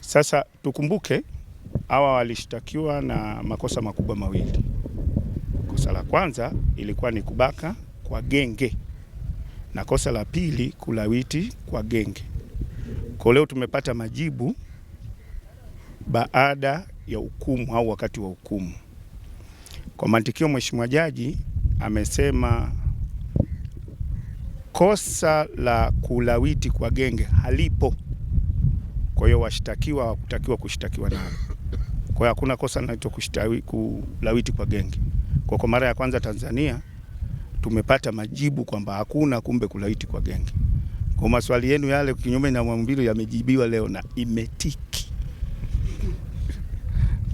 Sasa tukumbuke hawa walishtakiwa na makosa makubwa mawili. Kosa la kwanza ilikuwa ni kubaka kwa genge na kosa la pili kulawiti kwa genge. Kwa leo tumepata majibu baada ya hukumu au wakati wa hukumu. Kwa mantikio, mheshimiwa jaji amesema kosa la kulawiti kwa genge halipo. Kwa hiyo washtakiwa hawakutakiwa kushtakiwa nalo. Kwa hiyo hakuna kosa linaloitwa kulawiti kwa genge. Kwa kwa mara ya kwanza Tanzania tumepata majibu kwamba hakuna kumbe kulawiti kwa genge. Kwa maswali yenu yale kinyume na mwambili yamejibiwa leo na imetiki.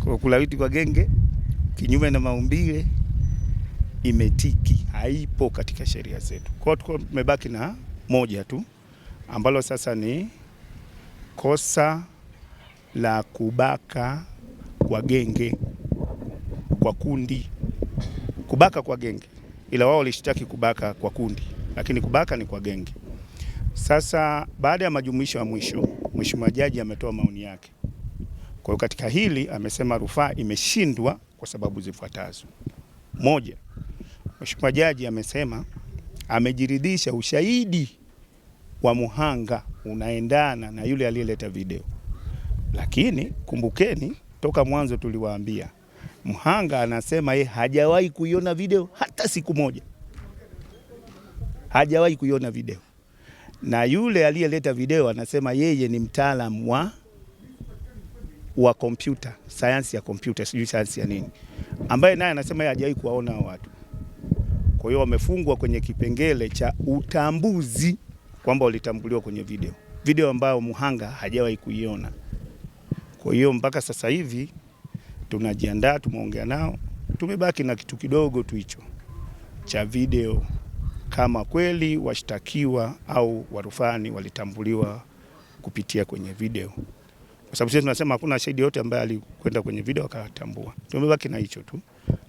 Kwa kulawiti kwa genge kinyume na maumbile imetiki, haipo katika sheria zetu. Kwa hiyo tumebaki na moja tu ambalo sasa ni kosa la kubaka kwa genge kwa kundi, kubaka kwa genge, ila wao walishtaki kubaka kwa kundi, lakini kubaka ni kwa genge. Sasa baada ya majumuisho ya mwisho, mheshimiwa jaji ametoa maoni yake. Kwa hiyo katika hili amesema rufaa imeshindwa kwa sababu zifuatazo. Moja, mheshimiwa jaji amesema amejiridhisha ushahidi wa muhanga unaendana na yule aliyeleta video, lakini kumbukeni, toka mwanzo tuliwaambia mhanga anasema yeye hajawahi kuiona video hata siku moja, hajawahi kuiona video, na yule aliyeleta video anasema yeye ni mtaalamu wa wa kompyuta, sayansi ya kompyuta, sijui sayansi ya nini, ambaye naye anasema yeye hajawahi kuwaona watu. Kwa hiyo wamefungwa kwenye kipengele cha utambuzi kwamba walitambuliwa kwenye video, video ambayo Muhanga hajawahi kuiona. Kwa hiyo mpaka sasa hivi tunajiandaa, tumeongea nao, tumebaki na kitu kidogo tu hicho cha video, kama kweli washtakiwa au warufani walitambuliwa kupitia kwenye video, kwa sababu sisi tunasema hakuna shahidi yote ambaye alikwenda kwenye video akatambua. Tumebaki na hicho tu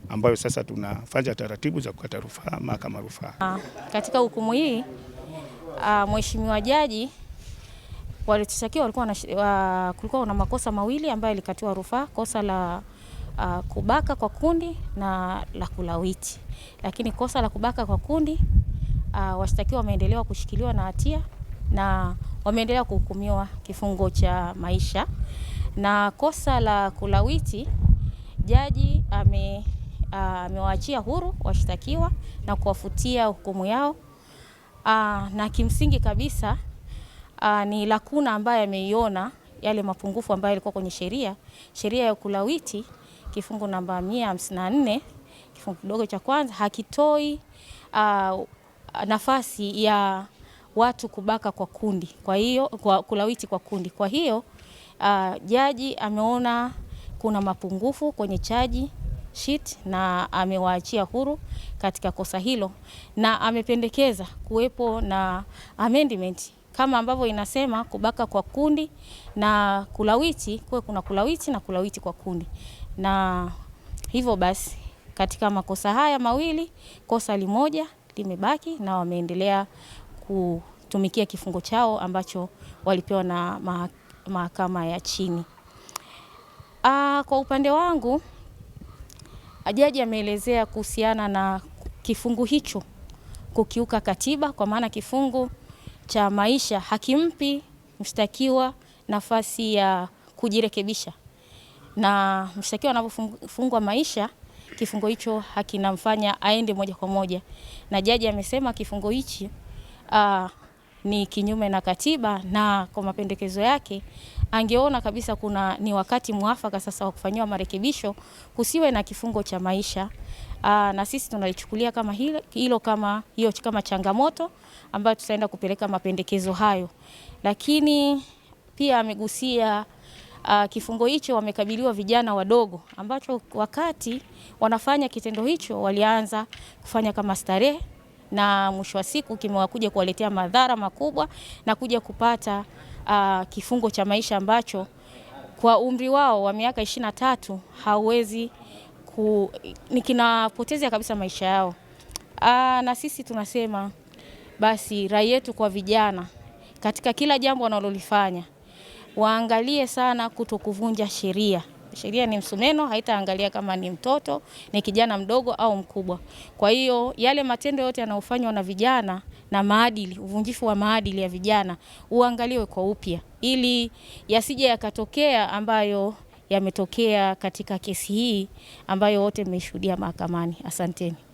ambayo sasa tunafanya taratibu za kukata rufaa mahakama rufaa ah, katika hukumu hii uh, mheshimiwa jaji walioshtakiwa walikuwa uh, kulikuwa na makosa mawili ambayo ilikatiwa rufaa, kosa la uh, kubaka kwa kundi na la kulawiti. Lakini kosa la kubaka kwa kundi uh, washtakiwa wameendelewa kushikiliwa na hatia na wameendelea kuhukumiwa kifungo cha maisha, na kosa la kulawiti jaji amewaachia uh, huru washtakiwa na kuwafutia hukumu yao Aa, ah, na kimsingi kabisa aa, ah, ni lakuna ambayo ameiona yale mapungufu ambayo yalikuwa kwenye sheria sheria ya ukulawiti kifungu namba 154 kifungu kidogo cha kwanza hakitoi aa, ah, nafasi ya watu kubaka kwa kundi, kwa hiyo kwa kulawiti kwa kundi. Kwa hiyo aa, jaji ameona kuna mapungufu kwenye chaji sheet na amewaachia huru katika kosa hilo, na amependekeza kuwepo na amendment kama ambavyo inasema kubaka kwa kundi na kulawiti, kuwe kuna kulawiti na kulawiti kwa kundi. Na hivyo basi katika makosa haya mawili kosa limoja limebaki na wameendelea kutumikia kifungo chao ambacho walipewa na mahakama ya chini. Aa, ah, kwa upande wangu Jaji ameelezea kuhusiana na kifungu hicho kukiuka katiba, kwa maana kifungu cha maisha hakimpi mshtakiwa nafasi ya kujirekebisha, na mshtakiwa anapofungwa maisha, kifungo hicho hakinamfanya aende moja kwa moja, na jaji amesema kifungo hichi uh, ni kinyume na katiba, na kwa mapendekezo yake angeona kabisa kuna ni wakati mwafaka sasa wa kufanyiwa marekebisho, kusiwe na kifungo cha maisha. Aa, ah, na sisi tunalichukulia kama hilo, hilo kama hiyo kama changamoto ambayo tutaenda kupeleka mapendekezo hayo, lakini pia amegusia Uh, kifungo hicho wamekabiliwa vijana wadogo ambacho wakati wanafanya kitendo hicho walianza kufanya kama starehe na mwisho wa siku kimewakuja kuwaletea madhara makubwa na kuja kupata uh, kifungo cha maisha ambacho kwa umri wao wa miaka ishirini na tatu hauwezi ku, kinapoteza kabisa maisha yao. Aa, ah, na sisi tunasema basi rai yetu kwa vijana katika kila jambo wanalolifanya waangalie sana kuto kuvunja sheria. Sheria ni msumeno, haitaangalia kama ni mtoto, ni kijana mdogo au mkubwa. Kwa hiyo yale matendo yote yanayofanywa na vijana na maadili, uvunjifu wa maadili ya vijana uangaliwe kwa upya, ili yasije yakatokea ambayo yametokea katika kesi hii ambayo wote mmeshuhudia mahakamani. Asanteni.